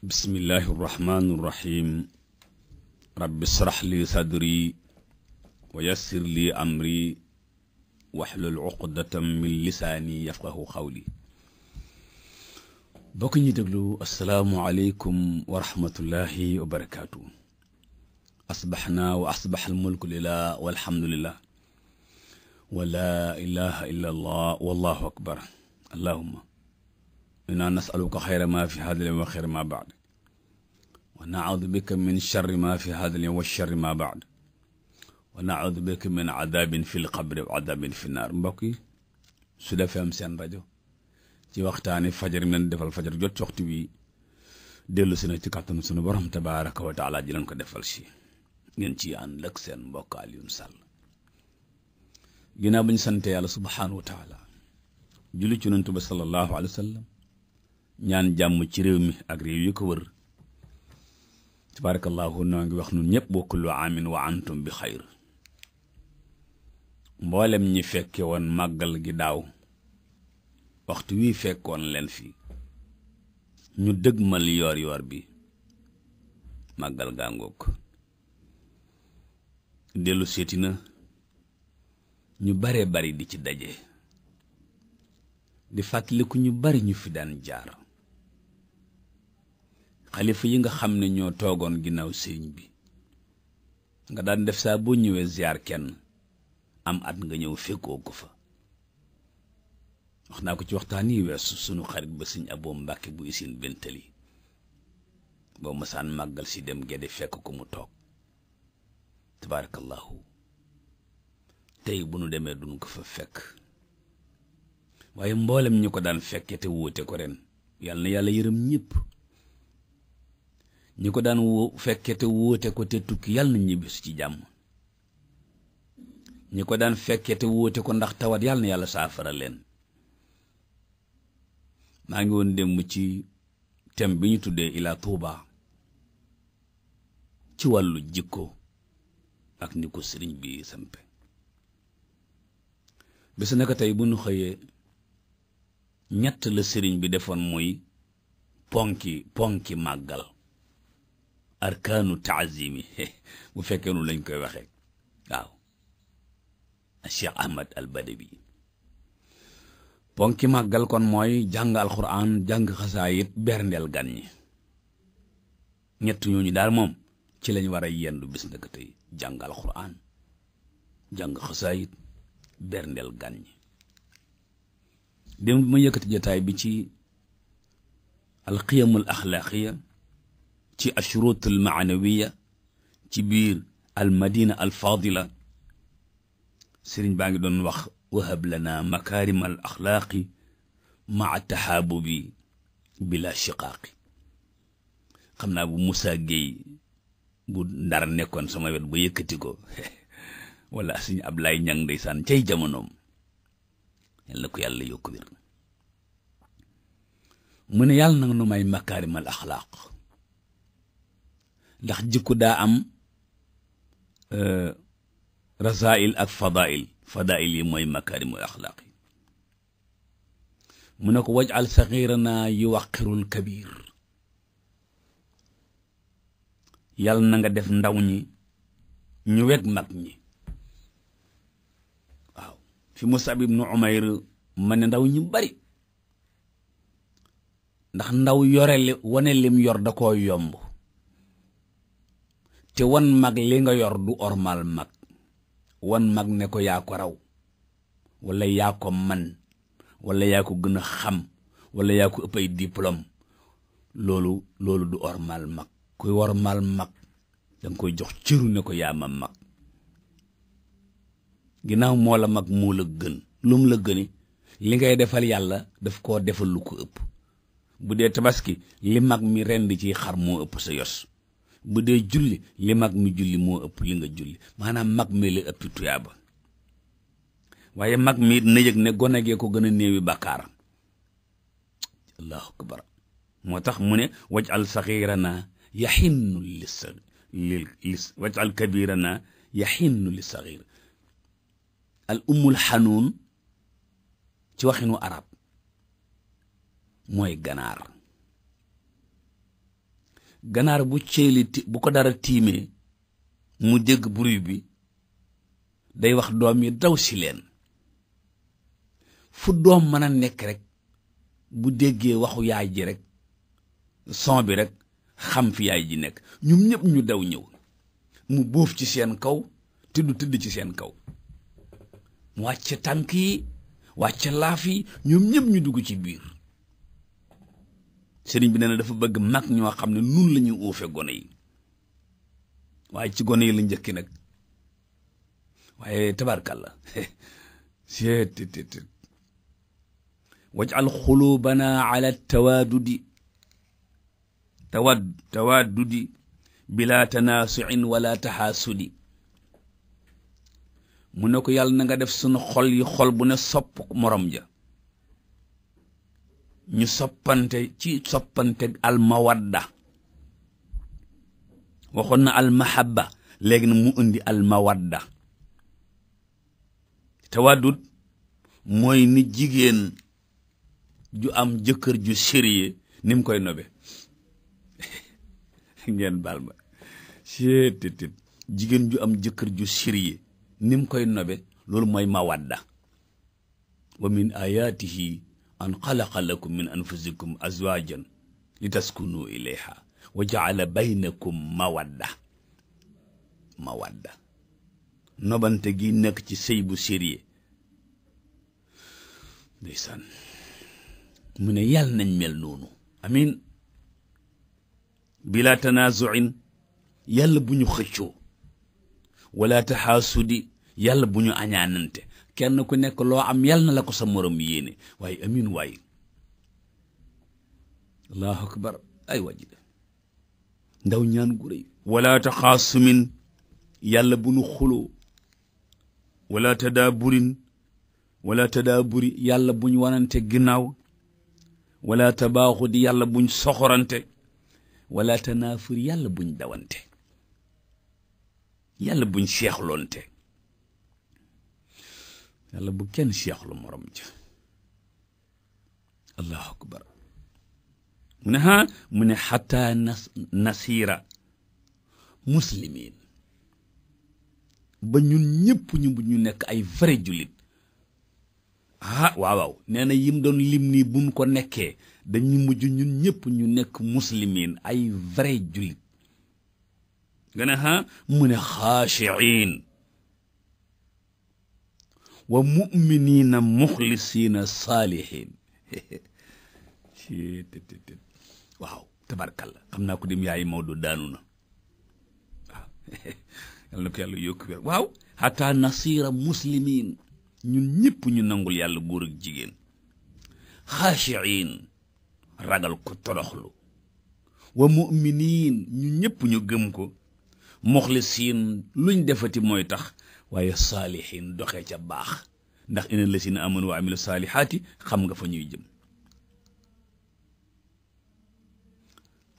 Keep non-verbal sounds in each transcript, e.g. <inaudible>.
bismillahi irrahmani irrahim rabbi israh li sadri wa yassir li amri waxlul uqdatam min lisaani yafqahu xawli bokk ñi déglu asalaamu aleykum wa rahmatullahi wa barakaatu asbaxna wa asbax almulku lillah walhamdulillah wa laa ilaha illa allah wallahu akbar allahuma inaa nasaluka xayra ma fi hada lyawm wa xayra ma baad wa naudu bika min charri ma fi hada lyawm wa charri ma baad wa naudu bika min adabin fi mbokk yi su seen rajo ci waxtaani fajar mi leen defal fajar jot ci waxtu wi dellu si na ci kàttanu sunu borom tabaaraka wa taala ji leen ko defal si ngeen ci ànd ak seen mbokk Alioune Sall ginnaaw ba yàlla subhaanahu wa taala julli ci ñaan jàmm ci réew mi ak réew yi ko wër tabarakallahu noo ngi wax nu ñëpp wa kullu aamin wa antum bi xayr mboolem ñi fekke woon màggal gi daaw waxtu wi fekkoon leen fi ñu dëgmal yoor yoor bi màggal gaa ngoog dellu seeti na ñu bare bari di ci daje di fàttaliku ñu bari ñu fi daan jaar xalifa yi nga xam ne ñoo toogoon ginnaaw sëriñ bi nga daan def saa boo ñëwee ziar kenn am at nga ñëw fekkoo ko fa wax naa ko ci waxtaan yi sunu xarit ba sëñ aboo mbàkke bu isin bentali boo masaan màggal si dem gedde fekk ko mu toog tabarakallahu tey bu nu demee duñ ko fa fekk waaye mboolem ñu ko daan fekke te wóote ko ren yàlla yàlla yërëm ñépp ñi ko daan woo fekke te wóote ko te tukki yàlla na ñibbisi ci jàmm ñi ko daan fekke te wóote ko ndax tawat yàlla na yàlla saafara leen maa ngi woon démb ci thème bi ñu tuddee Ila Touba ci wàllu jikko ak ni ko sëriñ bi sampe bés naka tey bu ñu xëyee ñett la sëriñ bi defoon mooy ponki ponki màggal arkaanu taazimi <laughs> bu fekkee nu lañ koy waxee waaw Cheikh Ahmad al Badawi ponki màggal kon mooy jàng alxuraan jàng xasaayit berndeel gan ñi ñett ñooñu daal moom ci lañ war a yendu bis naka tey jàng alxuraan jàng xasaayit berndeel gan ñi dem ma yëkkati jotaay bi ci alqiyamul axlaaqiya ci ashurut al maanawiya ci biir al madina la fadila sëriñ baa ngi doon wax wahab lana makarim al axlaaqi maa taxaabubi bila shiqaaqi xam naa bu Moussa Gueye bu ndar nekkoon sama wet ba yëkkati ko <laughs> wala suñu Ablaye Ñang ndeysaan cay jamonoom yàlla ko yàlla yokku wér mu ne yàlla na nga nu may makaarimal axlaaq ndax jikku daa am euh, rasail ak fadail fadail yi mooy makaarimul axlaaq mu ne ko wajal saxiiranaa yuwaqirul kabir yàlla na nga def ndaw ñi ñu weg mag ñi waaw fi Musab ibnu Umayr ma ndaw ñi bari ndax ndaw yoreli wane lim yor da ko yomb te wan mag li nga yor du ormal mag wan mag ne ko yaa ko raw walla yaa ko man walla yaa ko gën a xam wala yaa ko ëpp ay diplôme loolu loolu du ormal mag kuy ormal mag danga koy jox cëru ne ko yaa mag ginnaaw moo la mag moo la gën lum la gëni li ngay defal yàlla daf koo defal lu ko ëpp bu dee tabaski li mag mi rend ci xar moo ëpp sa yos bu dee julli li mag mi julli moo ëpp li nga julli maanaam mag mi la ëpp tuyaaba waaye mag mi it na yëg ne gone gee ko gën a néewi bàkkaaram allahu moo tax mu ne wajal saxiirana yaxinnu li sa li wajal kabirana yaxinnu li saxiir al ummul xanuun ci waxinu arab mooy ganaar ganaar bu ceyli bu ko dara tiimee mu dégg bruit bi day wax doom yi daw si leen fu doom mën a nekk rek bu déggee waxu yaay ji rek son bi rek xam fi yaay ji nekk ñum ñëpp ñu daw ñëw mu bóof ci seen kaw te du tëdd ci seen kaw mu wàcc tànk yi wàcc laaf yi ñoom ñëpp ñu dugg ci biir sëriñ bi nee na dafa bëgg mag ñoo xam ne nun la ñuy uufe gone waaye ci gone yi la njëkki nag waaye tabarkàlla seet <laughs> wajal xuluubana ala tawaadudi tawad tawaadudi bila tanaasuin wala taxaasudi mu ne ko yàlla na nga def sunu xol yi xol bu ne sopp morom ja ñu soppante ci soppante almawadda waxoon na almahabba léegi na mu indi almawadda tawaddut mooy ni jigéen ju am jëkkër ju sérieux ni mu koy nobe <laughs> ngeen baal ma seetit jigéen ju am jëkkër ju sérieux ni mu koy nobe loolu mooy mawadda wa min ayatihi an xalaqa lakum min anfusikum azwajan li taskunu ilayha wa jaala baynakum mawadda mawadda nobante gi nekk ci sëy bu sérieux mu ne yàlla nañ mel noonu amin bila tanazuin yàlla bu ñu xëccoo wala taxaasudi yàlla bu ñu añaanante kenn ku nekk loo am yal na la ko sa moroom yéene waaye amin waay allahu akbar ay waji ndaw ñaan gu rëy wala taxaasumin yàlla bu nu xuloo wala tadaaburin wala tadaaburi yàlla buñ wanante ginnaaw wala tabaaxudi yàlla buñ soxorante wala tanaafur yàlla buñ dawante yàlla buñ seexloonte yàlla bu kenn seexlu morom ja allahu akbar mu ne ha mu ne xataa nasiira muslimiin ba ñun ñëpp ñu bu ñu nekk ay vrai jullit ah waaw waaw nee na yim doon lim nii buñ ko nekkee dañu mujj ñun ñëpp ñu nekk muslimiin ay vrai jullit nga ne ha mu ne xaashiin wa muminina muxlisina saalihin waaw tabarkalla xam naa ko dem yaayi Maodo daanu na waaw yàlla na ko yàlla yokk wér waaw xataa nasira muslimin ñun ñëpp ñu nangul yàlla góor ak jigéen xaashiin ragal ko toroxlu wa muminin ñu ñëpp ñu gëm ko muxlisiin luñ defati mooy tax waaye saalihin doxee ca baax ndax inal lasina amanu wa amilu saalihaati xam nga fa ñuy jëm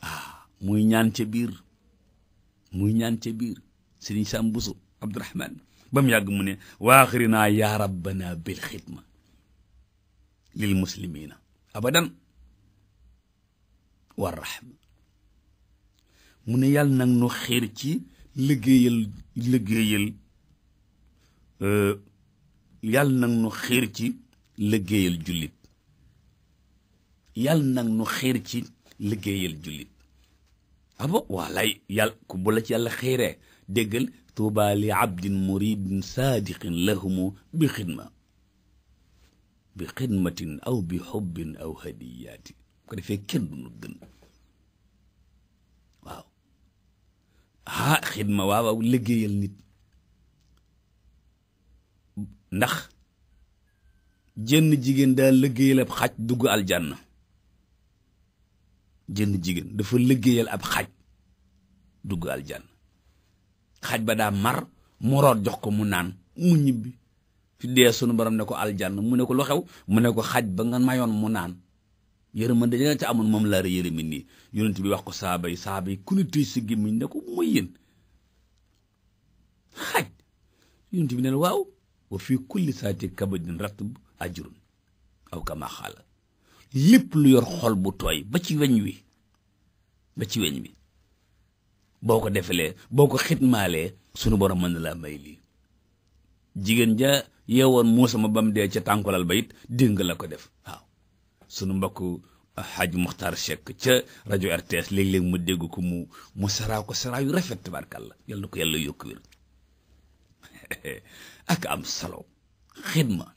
ah muy ñaan ca biir muy ñaan ca biir sëriñ Sam Buso Abdurahman ba mu ne waaxirinaa yaa rabbana bil xidma lil muslimina abadan war rahma mu ne yàlla nag nu xiir ci liggéeyal liggéeyal Euh, yàlla nag nu xiir ci liggéeyal jullit yàlla nag nu xiir ci liggéeyal jullit abo ah waalay yàlla ku bu ci yàlla xiiree déggal tuuba li abdin muridin saadiqin lahumu bi xidma bi xidmatin aw bi xubbin aw hadiyaati bu du nu gën waaw ah xidma waaw waaw liggéeyal nit ndax jënn jigéen daa liggéeyal ab xaj dugg aljana jënn jigéen dafa liggéeyal ab xaj dugg aljanna xaj ba daa mar mu jox ko mu naan mu ñibbi fi dee sunu borom ne ko aljanna mu ne ko lu xew mu ne ko xaj ba nga mayoon mu naan yërmande dañu ca amoon moom laa yërëmi nii yonent bi wax ko saaba yi saaba yi ku ne tëj sa gémmiñ ne ko mooy yéen xaj yonent bi ne waaw wa fi kulli saati kabadin ratb ajrun aw kama lépp lu yor xol bu tooy ba ci weñ wi ba ci weñ wi boo ko defalee boo ko xitmaalee sunu borom mën na laa may lii jigéen ja yeewoon Muusa ma ba mu dee ca tànkulal ba it dégg nga la ko def waaw sunu mbokk Hadj Mokhtar Cheikh ca rajo RTS léeg-léeg mu dégg ko mu mu saraaw ko saraaw yu rafet tabarkàlla yal na ko yàlla yokk <laughs> ak am solo xidma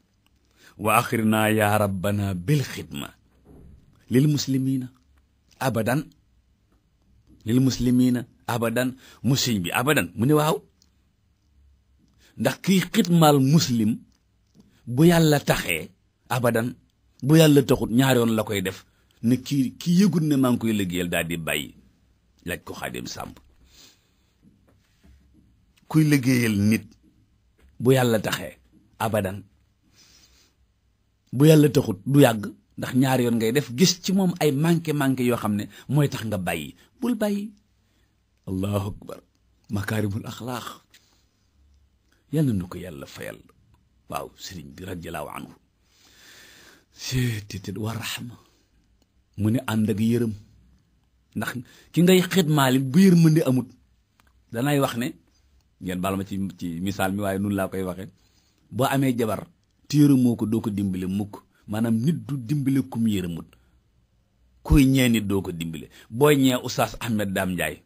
wa axirnaa yaa rabbana bil xidma lil muslimiina abadan lil muslimiina abadan musiñ bi abadan mu ne waaw ndax kiy xidmaal muslim bu yàlla taxee abadan bu yàlla taxut ñaar yoon la koy def ne kii ki yëgut ne maa ngi koy liggéeyal daal di bàyyi laaj ko xaadim sàmp kuy liggéeyal nit bu yàlla taxee abadan bu yàlla taxut du yàgg ndax ñaar yoon ngay def gis ci moom ay manqué manqué yoo xam ne mooy tax nga bàyyi bul bàyyi allahu akbar makaarimul axlaaq yàlla na ko yàlla fayal waaw sëriñ bi radiallahu anhu seetitit wa raxma mu ne ànd ak yërëm ndax ki ngay xidmaalit bu yërmande amut danay wax ne ngeen baal ma ci ci misaal mi waaye nun laa koy waxe boo amee jabar te yërëmoo ko doo ko dimbale mukk maanaam nit du dimbale kum yërëmut kuy ñee nit doo ko dimbale booy ñee Oustaz Ahmed Dame Ndiaye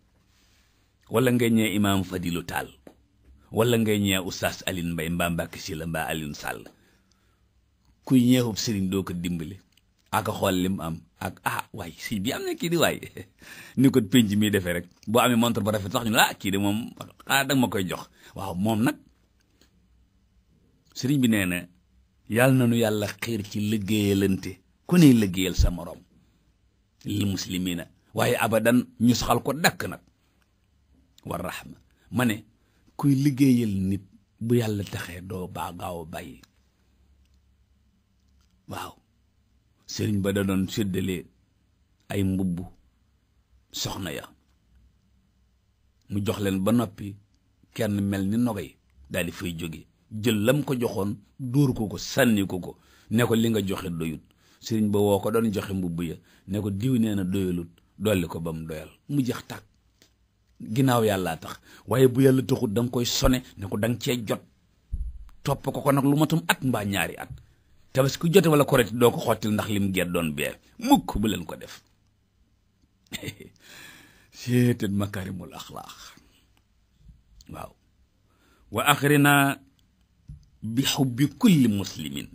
wala nga ñee Imaam Fadilu Tall wala nga ñee Oustaz Aline mbay mbaa Mbàkke Sylla mbaa Aline Sall kuy ñeexub sëriñ doo ko dimbale ak xool li mu am ak ah waay si bi am na di waay <laughs> ni ko penc mi defee rek boo amee montre ba rafet sax ñu la ah kii di moom ah danga ma koy jox waaw moom nag sëriñ bi nee na yàlla na nu yàlla xiir ci liggéeyalante ku ne liggéeyal sa morom li muslimina waaye abadan ñu saxal ko dakk nag war rahma ma ne kuy liggéeyal nit bu yàlla taxee doo baa gaaw a bàyyi waaw sëriñ ba da doon séddale ay mbubbu soxna ya mu jox leen ba noppi kenn mel ni nogay daal di fay jóge jël lam ko joxoon dóor ko ko sànni ko ko ne li nga joxe doyut sëriñ ba woo ko doon joxe mbubbu ya ne ko diw nee na doyalut dolli ko ba mu doyal mu jeex tàkk ginnaaw yàllaa tax waaye bu yàlla taxut da nga koy sone ne ko da cee jot topp ko ko nag lu matum at mbaa ñaari at tabaski jote wala korite doo ko xottil ndax lim ger doon bee mukk bu leen ko def <laughs> seetat makarimul axlaax waaw wa axrina bi xubbi kulli muslimin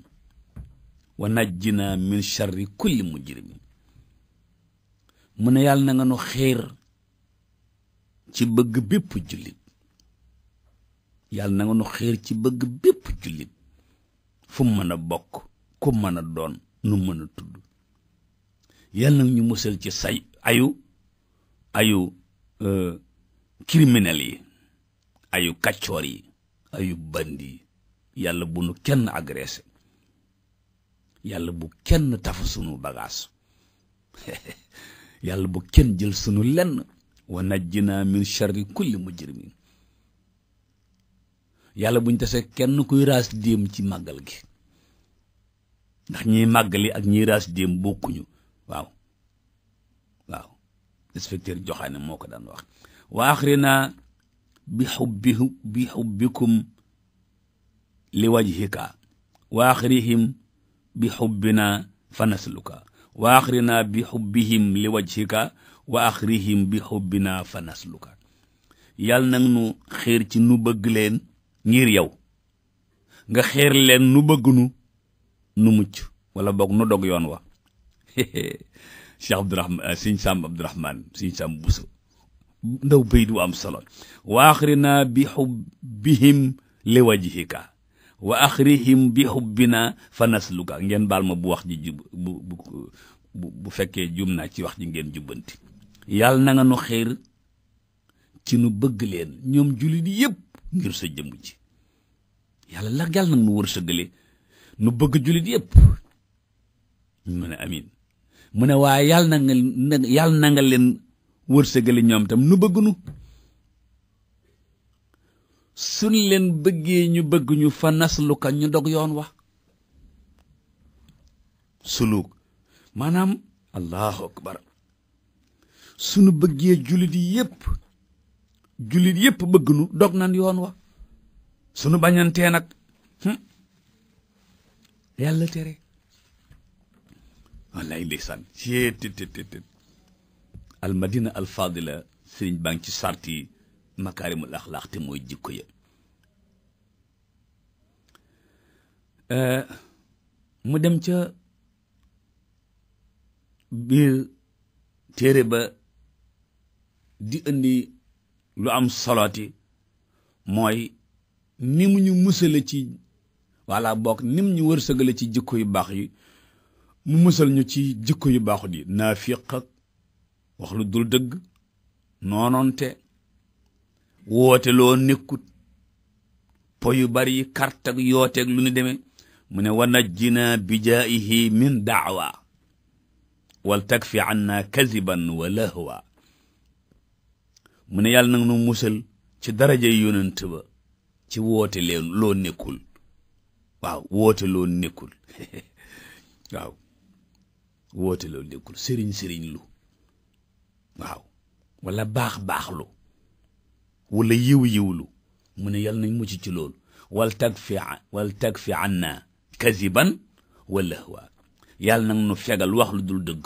wa najjina min charri kulli mujrimin mu ne yàlla na nu xiir ci bëgg bépp jullit yàlla na nga nu xiir ci bëgg bépp jullit fu mën a bokk ku mën a doon nu mën a tudd yal na ñu musal ci say ayu ayu euh, criminel yi ayu kàccoor yi ayu bënd yi yàlla bu nu kenn agressé yàlla bu kenn tafa sunu bagaas <laughs> yàlla bu kenn jël sunu lenn wa najjinaa min sharri kulli mujrimin yàlla buñ tasee kenn kuy raas déem ci màggal gi ndax ñiy màggali ak ñiy raas déem bokkuñu waaw waaw inspecteur joxaane moo ko daan wax wa axrina bi xubbi bi xubbikum li wajhika wa axrihim bi xubbina fanasluka wa yàlla nag nu xéer ci nu bëgg leen ngir yow nga xeer leen nu bëgg nu nu mucc wala boog nu dog yoon wa <laughs> Cheikh Abdourahman eh, Sëñ Sam Abdourahman Sëñ Sam Bousso ndaw béy du am solo wa axrina bi xubbihim li wajhika wa axrihim bi xubbina fa nasluka ngeen baal ma bu wax ji jub bu fekkee jum naa ci wax ji ngeen jubbanti yàlla na nga nu xiir ci nu bëgg leen ñoom jullit yëpp ngir sa jëmm ji yàlla la yàlla nag nu wërsëgale nu bëgg jullit yëpp mu ne amin mu ne waaye yàlla na nga yàlla na nga leen ñoom tam nu bëgg nu suñ leen bëggee ñu bëgg fa nasluka ñu dog yoon wa suluk maanaam allahu akbar sunu bëggee jullit yëpp jullit yëpp bëgg nu dog nan yoon wa sunu bañantee nag yàlla téere wallaay ndeysaan ci tit tit tit al madina al fadila sëriñ ci sart yi makaarimul axlaax te mooy jikko ya euh, mu dem ca biir téere ba di indi lu am soloti mooy ni mu ñu musale ci walla bokk ni mu ñu wërsëgale ci jikko yu baax musal ñu ci jikko yu baaxut yi naafiq ak wax lu dul dëgg noonoonte woote loo nekkut po yu bari yi kart ak yooteeg lu ñu demee mu ne wa najjina bijaa'ihi min daawa wal fi anna kaziban wa lahwa mu ne yàlla nag nu musal ci daraja yonent ba ci woote leen loo nekkul waaw woote loo nekkul <laughs> waaw woote loo sëriñ sëriñ lu waaw wala baax baax lu wala yiw yiw lu mu ne yàlla nañ mu ci loolu wal tag fi wal tag fi anna kaziban wala waa yàlla nag nu fegal wax lu dul dëgg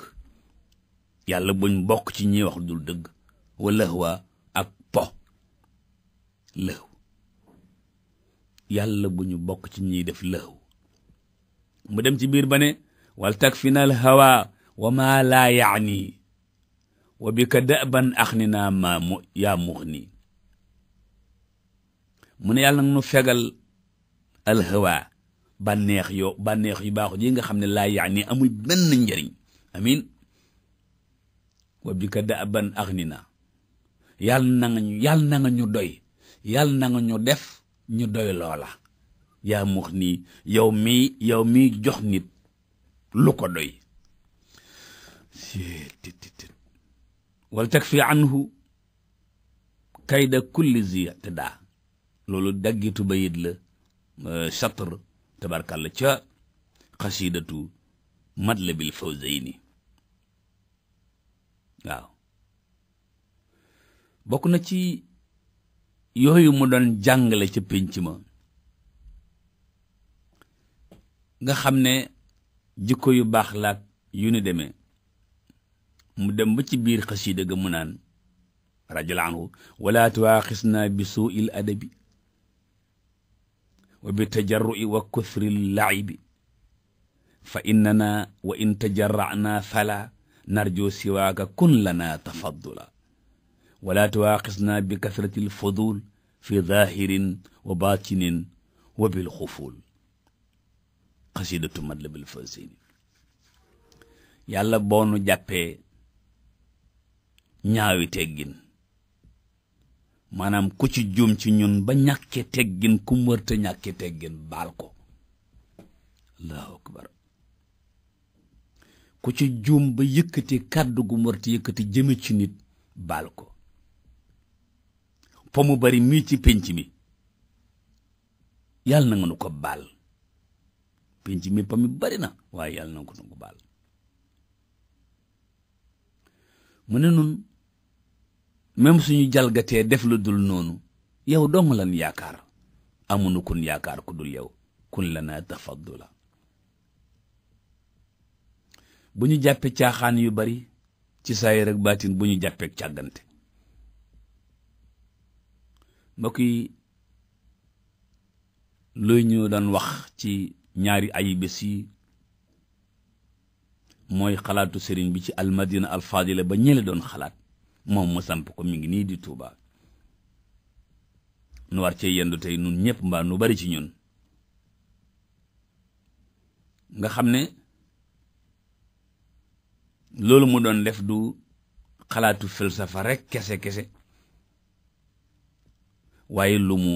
yàlla buñ bokk ci ñi wax lu dul dëgg wala waa lëxw yàlla bu ñu bokk ci ñiy def lëxw mu dem ci biir ba ne wal takfina al hawa wa ma laa yaani wa bika daban axni naa maa mu yaa mux nii mu ne yàlla nag nu fegal al hawa bànneex yo yu baaxu yi nga xam ne laa yaani amul benn njëriñ amin wa bika daban axni naa na nga ñu yàlla ñu doy yàlla na nga ñu def ñu doy loola yaa mux nii yow mii yow mii jox nit lu ko doy wal fi anhu kayda kulli zi i'tidaa loolu daggitu bayit la chatr euh, tabarkàlla ca xasidatu matlabil fawzayni waaw bokk na ci yooyu mu doon jàngale ca pénc ma nga xam ne jikko yu baax laak yu ni demee mu dem ba ci biir xasiida ga mu naan rajal anhu wala tuwaaxisna bi suuil adabi wa bi tajarrui wa kuthri laibi fa innana wa in tajarrana fala narju siwaaka kun lana tafaddula wala tuwaaqisna bi kasrati lfudul fi zahirin wa batinin wa bil xuful xasidatu matlabul fawzayni yàlla boo jàppee ñaawi teggin maanaam ku ci juum ci ñun ba ñàkke teggin ku mu wërta ñàkke teggin baal ko ku ci juum ba yëkkati kàddu gu mu wërta yëkkati jëme ci nit baal ko fa mu bari mii ci pénc mi yàlla na nga nu ko baal pénc mi pa mi bari na waaye yàlla na nga ko nu ko baal mu ne nun même suñu jalgatee def la dul noonu yow dong lan yaakaar amunu kun yaakaar ku dul yow kun lana tafaddula bu ñu jàppee caaxaan yu bari ci saayir ak baatin bu ñu jàppee càggante mbokk yi luy ñu daan wax ci ñaari ayi bés yi mooy xalaatu sëriñ bi ci almadina alfadila ba ñële doon xalaat moom mu samp ko mi ngi nii di Tuuba nu war cee yendu tey nun ñëpp mbaa nu bari ci ñun nga xam ne loolu mu doon def du xalaatu filsafa rek kese-kese waaye lu mu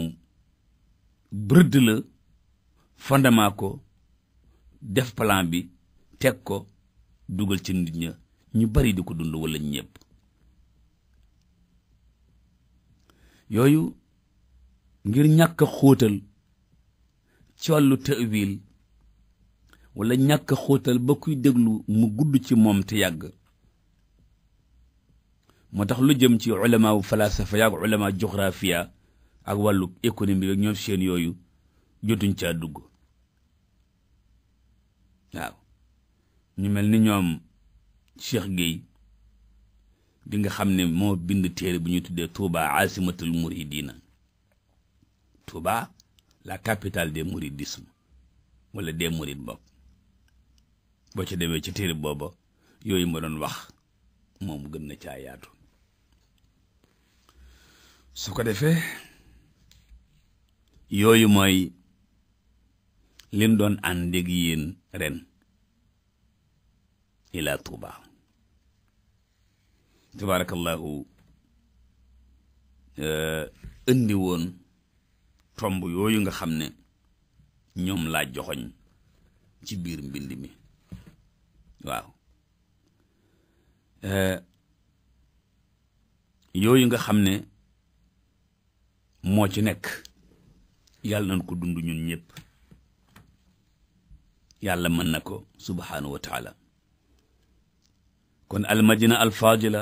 brëdd la fondement ko def plan bi teg ko dugal ci nit ña ñu bari di ko dund wala ñëpp yooyu ngir ñàkk a xóotal ci wàllu tawil wala ñàkk a xóotal ba kuy déglu mu gudd ci moom te yàgg moo tax lu jëm ci ulama falasafa yaag ulama juxraafiya ak wàllu économie rek ñoom seen yooyu jotuñ caa dugg waaw ñu mel ni ñoom Cheikh Gueye bi nga xam ne moo bind téere bu ñuy tuddee Touba asimatul muridina Touba la capitale des mouridisme wala des murid bopp boo ca demee ci téer booba yooyu ma doon wax moom gën na caa yaatu su ko defee yooyu mooy lim doon àndeeg yéen ren laa Tuuba tabarakallahu eh, indi woon tomb yooyu nga xam ne ñoom laa joxoñ ci biir mbind mi waaw eh, yooyu nga xam ne moo ci nekk yàlla nañ ko dund ñun ñëpp yàlla mën na ko subhaanahu wa taala kon almadina alfadila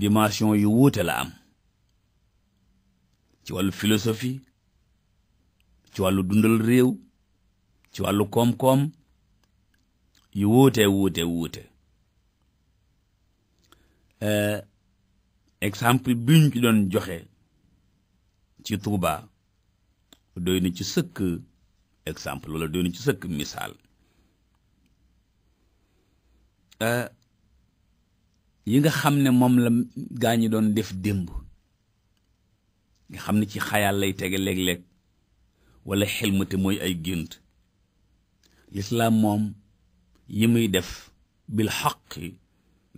dimension yu wuute la am ci wàllu filosofi ci wàllu dundal réew ci wàllu koom-koom yu wuute wuute wuute euh, exemple bi ñu ci doon joxe ci Tuuba doy na ci sëkk exemple wala doy na ci sëkk misaal euh, yi nga xam ne moom la gaa ñi doon def démb nga xam ne ci xayaal lay tege léeg-léeg wala xelmate mooy ay gént lislaam moom yi muy def bil xaqi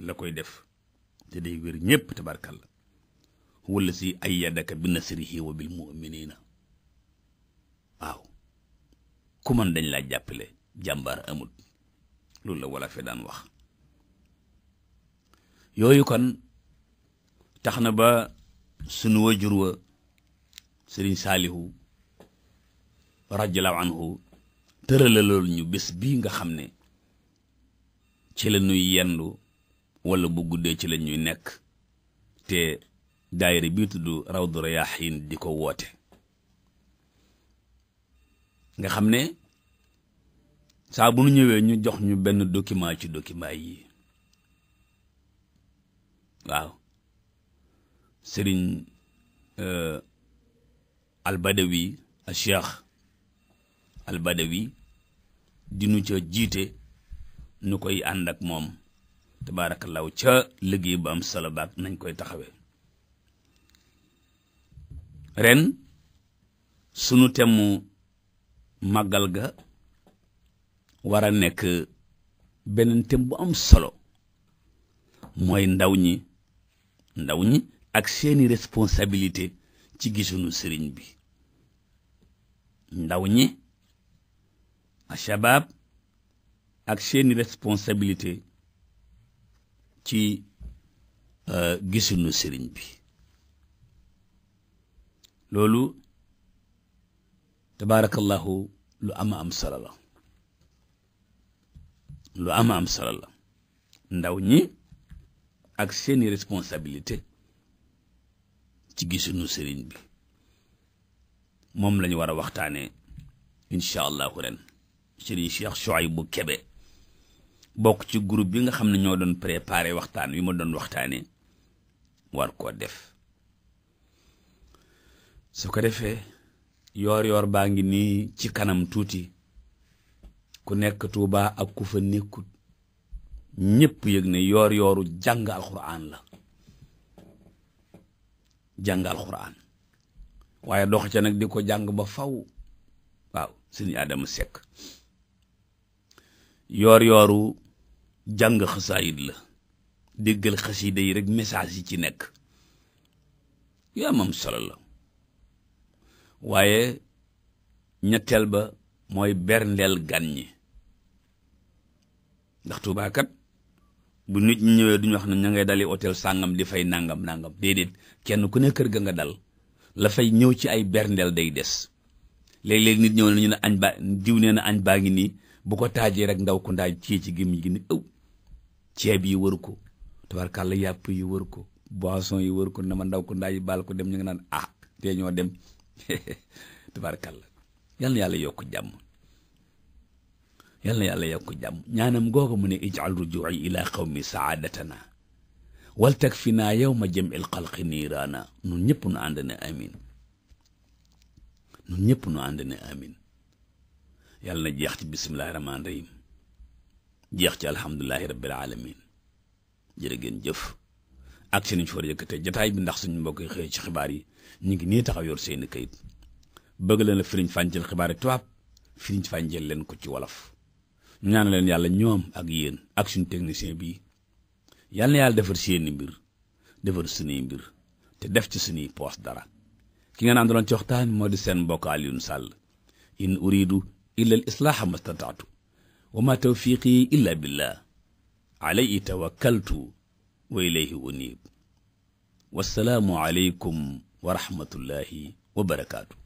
la koy def te day wér ñépp tabarkalla huwa allazi ayyadaka bi nasrihi wa bil mu'minina ku mën dañ laa jàppale jàmbar amul loolu la wala fi daan wax yooyu kon tax na ba sunu wajur wa sëriñ saalihu radiallahu anhu tërala loolu ñu bés bii nga xam ni ci la ñuy yendu walla bu guddee ci la ñuy nekk te daayira bii tudd rawdu rayaahiin di ko woote nga xam ne saa bu nu ñëwee ñu jox ñu benn document ci document yi waaw sëriñ euh, albadawi a cheikh albadawi dinu ca jiite nu koy ànd ak moom law ca liggéey ba am solo nañ koy taxawee ren sunu temu màggal ga war a nekk beneen thème bu am solo mooy ndaw ñi ndaw ñi ak seeni responsabilité ci gisunu sëriñ bi ndaw ñi ashabab ak seeni responsabilité ci euh, gisunu sëriñ bi loolu tabaarakallahu lu ama am solo la lu ama am solo la ndaw ñi ak seeni responsabilité ci gisunu sëriñ bi moom lañu war a waxtaanee incha allahu ren sëriñ Cheikh bu kebe bokk ci groupe bi nga xam ne ñoo doon préparé waxtaan wi ma doon waxtaanee war koo def su ko defee yoor yoor baa ngi nii ci kanam tuuti ku nekk tuuba ak ku fa nekkut ñépp yëg ne yoor yooru jàng alxuraan la jàng alxuraan waaye dox ca nag di ko jàng ba faw waaw suñu Adama Seck yoor yooru jàng xasaayit la déggal xasiida yi rek message yi ci nekk yaa mam solo la waaye ñetteel ba mooy berndeel gan ñi ndax Tuubaa bu nit ñi ñëwee duñu wax ne ña ngay dali otel sàngam di fay nàngam nangam déedéet kenn ku ne kër ga nga dal la fay ñëw ci ay berndeel day des léeg-léeg nit ñëw nañu ne añ ba diw nee na añ baa ngi nii bu ko taajee rek ndaw ku ndaay ci ci gémmiñ gi ni ëw ceeb yi wër ko tabarkàlla yàpp yi wër ko boisson yi wër ko na ma ndaw ku ndaay yi baal ko dem ñu ngi naan ah tee ñoo dem <laughs> tubaarkàlla yal na yàlla yokk jàmm yal na yàlla yokk jàmm ñaanam googu mu ne ijal rujuci qawmi saadatana wal tag fi naa yow ma jëm il niiraana nun ñëpp nu ànd ne amin nun na jeex ci bismillahi rahmaani rahim jeex ci alhamdulilahi rabbil alamin jërë ngeen ak si nañ fa war jataay bi ndax suñu mbokk yi xëy ci xibaar yi ñu ngi nii taxaw yor seeni kayit bëgg leen la firiñ fànjël xibaar yi tubaab firiñ fànjël leen ko ci wolof ñaan leen yàlla ñoom ak yéen ak suñu technicien bi yàlla na yàlla defar seeni mbir defar suñuy mbir te def ci suñuy poos dara ki nga naan doon ci waxtaan moo di seen mbokk Alioune sàll in uridu illa al islaaha mastataatu wa ma tawfiqi illa billah alayhi tawakkaltu wa ilayhi unib wassalaamu aleykum wa rahmatullahi wa barakaatu